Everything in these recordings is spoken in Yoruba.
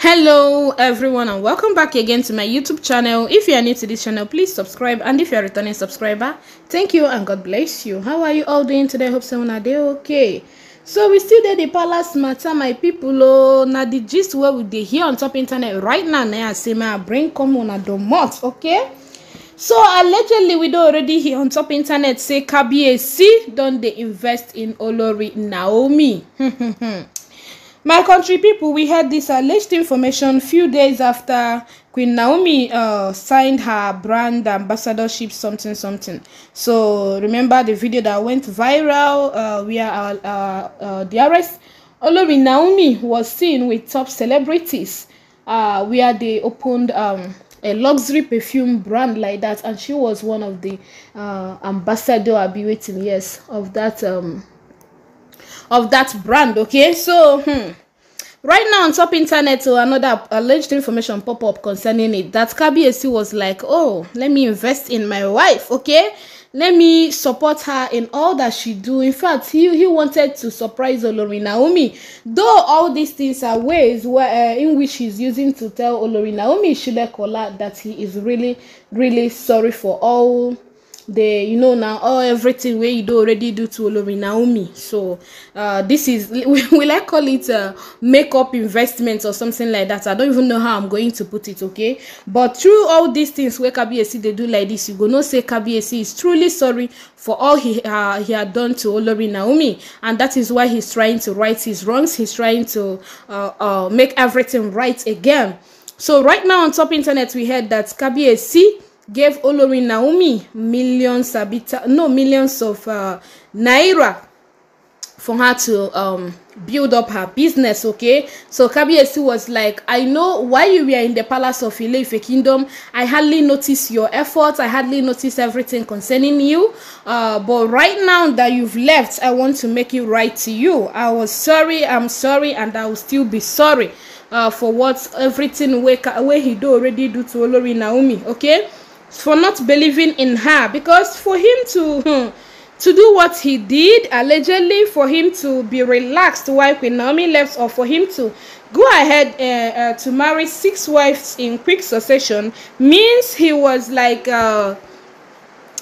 hello everyone and welcome back again to my youtube channel if you are new to this channel please subscribe and if you are returning subscriber thank you and god bless you how are you all doing today hope someone are dey okay so we still dey the palace matter my people oh now the gist wey we dey here on top internet right now Now i say my brain come on a domot okay so allegedly we do already hear on top internet say kabiyesi don't they invest in olori naomi My country people, we had this alleged information few days after Queen Naomi uh, signed her brand ambassadorship something something. So remember the video that went viral uh, where the uh, uh, DRS uh, Olori Naomi was seen with top celebrities uh, where they opened um, a luxury perfume brand like that and she was one of the uh, ambassador I'll be waiting yes of that um, of that brand okay so hmm Right now on top internet, so uh, another alleged information pop up concerning it that Kabiyesi was like, oh, let me invest in my wife, okay? Let me support her in all that she do. In fact, he, he wanted to surprise Olori Naomi. Though all these things are ways where, uh, in which he's using to tell Olori Naomi Shilekola that he is really, really sorry for all the you know now all everything wey you do already do to Olori Naomi so uh, this is will I call it a makeup investment or something like that I don't even know how I'm going to put it okay but through all these things wey Kabiyesi dey do like this you go know say Kabiyesi is truly sorry for all he uh, he had done to Olori Naomi and that is why he's trying to right his wrongs he's trying to uh, uh, make everything right again so right now on top internet we heard that Kabiyesi gave Olori Naomi millions, no, millions of uh, naira for her to um, build up her business okay so kabiyesi was like i know why you were in the palace of ile kingdom i hardly notice your efforts i hardly notice everything concerning you uh, but right now that you've left i want to make it right to you i was sorry i'm sorry and i will still be sorry uh, for what everything wey wey he do already do to olori naomi okay for not believing in her because for him to hmm, to do what he did allegedly for him to be relaxed while Queen Naomi left or for him to go ahead uh, uh, to marry six wives in quick succession means he was like uh,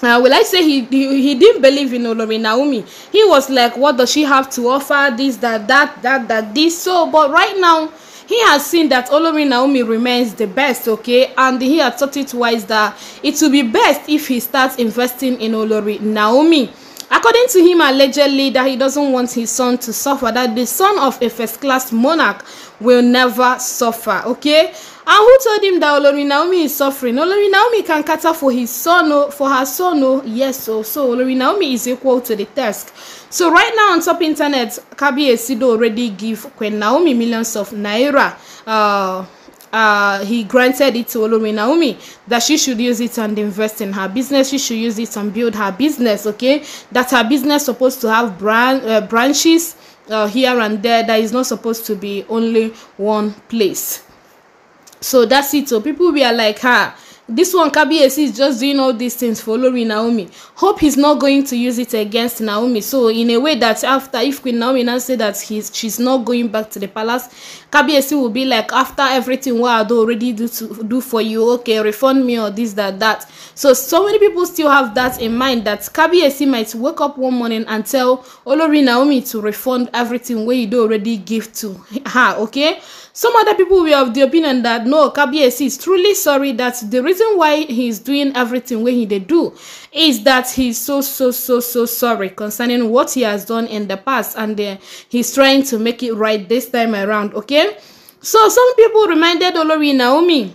uh, will I say he, he, he didn't believe in Olori Naomi? He was like, what does she have to offer? This, that, that, that, that, this. So, but right now, He has seen that Olori Naomi remains the best, okay, and he has thought it wise that it will be best if he starts investing in Olori Naomi. According to him, allegedly, that he doesn't want his son to suffer, that the son of a first-class monarch will never suffer, okay? And who told him that Olori Naomi is suffering? Olori Naomi can cater for his son, oh, for her son, oh, yes, so oh. so Olori Naomi is equal to the task. So right now on top internet, Kabi Esido already give Queen Naomi millions of naira. Uh, uh, he granted it to Olori Naomi that she should use it and invest in her business. She should use it and build her business. Okay, that her business supposed to have brand uh, branches uh, here and there. That is not supposed to be only one place so that's it so people were like ah this one kabiyesi is just doing all these things for olori naomi hope he's not going to use it against naomi so in a way that after if queen naomi now say that he's she's not going back to the palace kabiyesi will be like after everything wey ado already do to do for you okay refund me or this that that so so many people still have that in mind that kabiyesi might wake up one morning and tell olori naomi to refund everything wey he do already give to her okay Some other people were of the opinion that no, Kabiyesi is truly sorry that the reason why he's doing everything wey he dey do is that he's so so so so sorry concerning what he has done in the past and uh, he trying to make it right this time around, okay? So some people reminded Olori Naomi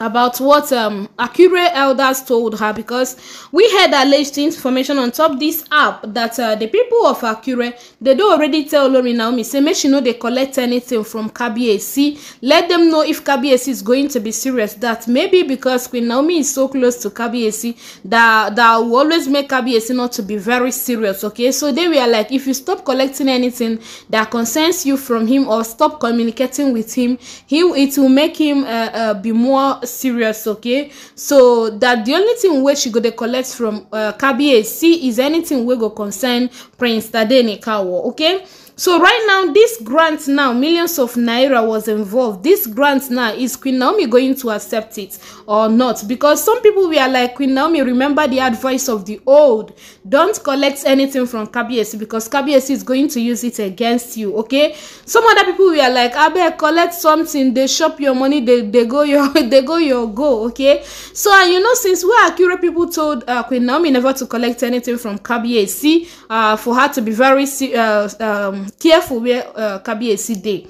about what um, Akure elders told her because we had alleged information on top this app that uh, the people of Akure they do already tell Olori Naomi say make she no dey collect anything from KBAC let them know if KBAC is going to be serious that maybe because Queen Naomi is so close to KBAC that that will always make KBAC not to be very serious okay so they were like if you stop collecting anything that concerns you from him or stop communicating with him he it will make him uh, uh, be more serious okay so that the only thing wey she go dey collect from uh, kabiyesi is anything wey go concern prince tade nikawo okay So right now, this grant now, millions of naira was involved. This grant now, is Queen Naomi going to accept it or not? Because some people were like, Queen Naomi, remember the advice of the old. Don't collect anything from KBS because KBS is going to use it against you, okay? Some other people were like, Abe, collect something. They shop your money. They, they go your they go your go, okay? So, and you know, since we are accurate people told uh, Queen Naomi never to collect anything from KBS, uh, for her to be very... Uh, um, careful where uh, Kabiyesi dey.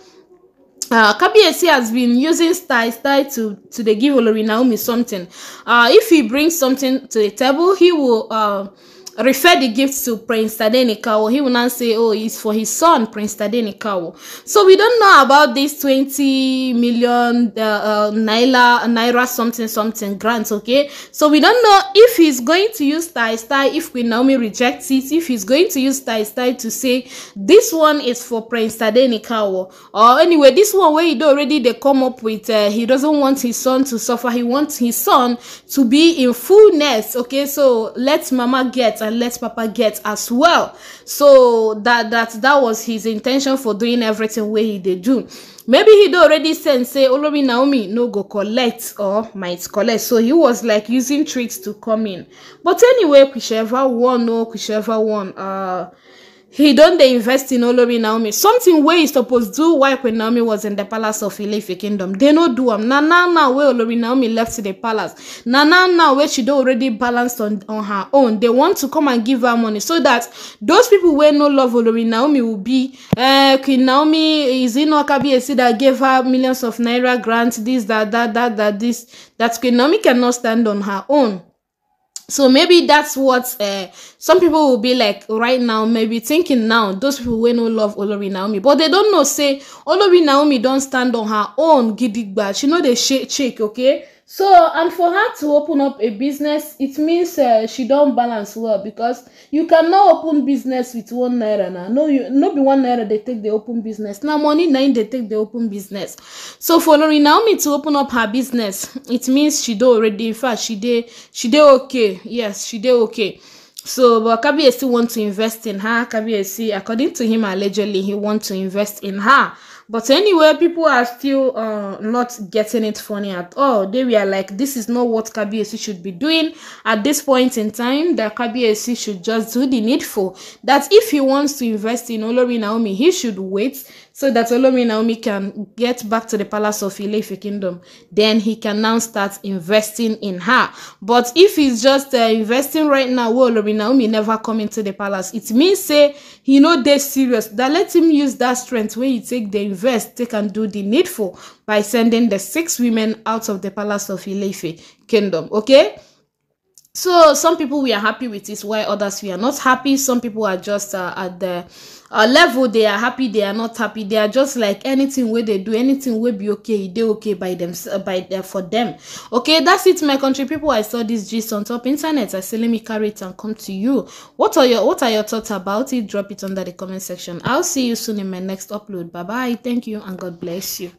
Uh, Kabiyesi has been using style style to to dey give Olori Naomi something. Uh, if he brings something to the table, he will. Uh, refer the gift to Prince Tadenikawo, he will not say, oh, it's for his son, Prince Tadenikawo. So we don't know about this 20 million uh, uh, Naira, Naira something something grant, okay? So we don't know if he's going to use Tai Tai, if Queen Naomi rejects it, if he's going to use Tai Tai to say, this one is for Prince Tadenikawo. Or anyway, this one where he already they come up with, uh, he doesn't want his son to suffer, he wants his son to be in fullness, okay? So let mama get and uh, let Papa get as well. So that that that was his intention for doing everything where he did do. Maybe he already send say Olori Naomi no go collect or might collect. So he was like using tricks to come in. But anyway, whichever one, oh, no, whichever one, uh he don dey invest in olori naomi something wey he suppose do while queen naomi was in the palace of ileife kingdom dey no do am na now now wey olori naomi left the palace na now now wey she don already balanced on on her own dey want to come and give her money so that those people wey no love olori naomi will be uh, queen naomi is in okabiesi that gave her millions of naira grants. This that that that that this that queen naomi cannot stand on her own so maybe that's what uh, some people will be like right now maybe thinking now those people wey no love olori naomi but they don't know say olori naomi don stand on her own gidigba she no dey shake shake okay so and for her to open up a business it means uh, she don balance well because you cannot open business with one naira na no you no be one naira dey take dey open business na money na im dey take dey open business so for lori naomi to open up her business it means she don already in fact she dey she dey okay yes she dey okay so but still want to invest in her kabiyesi according to him allegedly he want to invest in her But anyway, people are still uh, not getting it funny at all. They were like, this is not what Kabiyesi should be doing at this point in time. That Kabiyesi should just do the needful. That if he wants to invest in Olori Naomi, he should wait so that Olori Naomi can get back to the palace of ile Kingdom. Then he can now start investing in her. But if he's just uh, investing right now, well, Olori Naomi never come into the palace. It means say he no dey serious. That let him use that strength when he take the invest, they can do the needful by sending the six women out of the palace of Ilefe kingdom. Okay? so some people we are happy with it while others we are not happy some people are just uh, at the uh, level they are happy they are not happy they are just like anything where they do anything will be okay they okay by them uh, by uh, for them okay that's it my country people i saw this gist on top internet i say let me carry it and come to you what are your what are your thoughts about it drop it under the comment section i'll see you soon in my next upload bye bye thank you and god bless you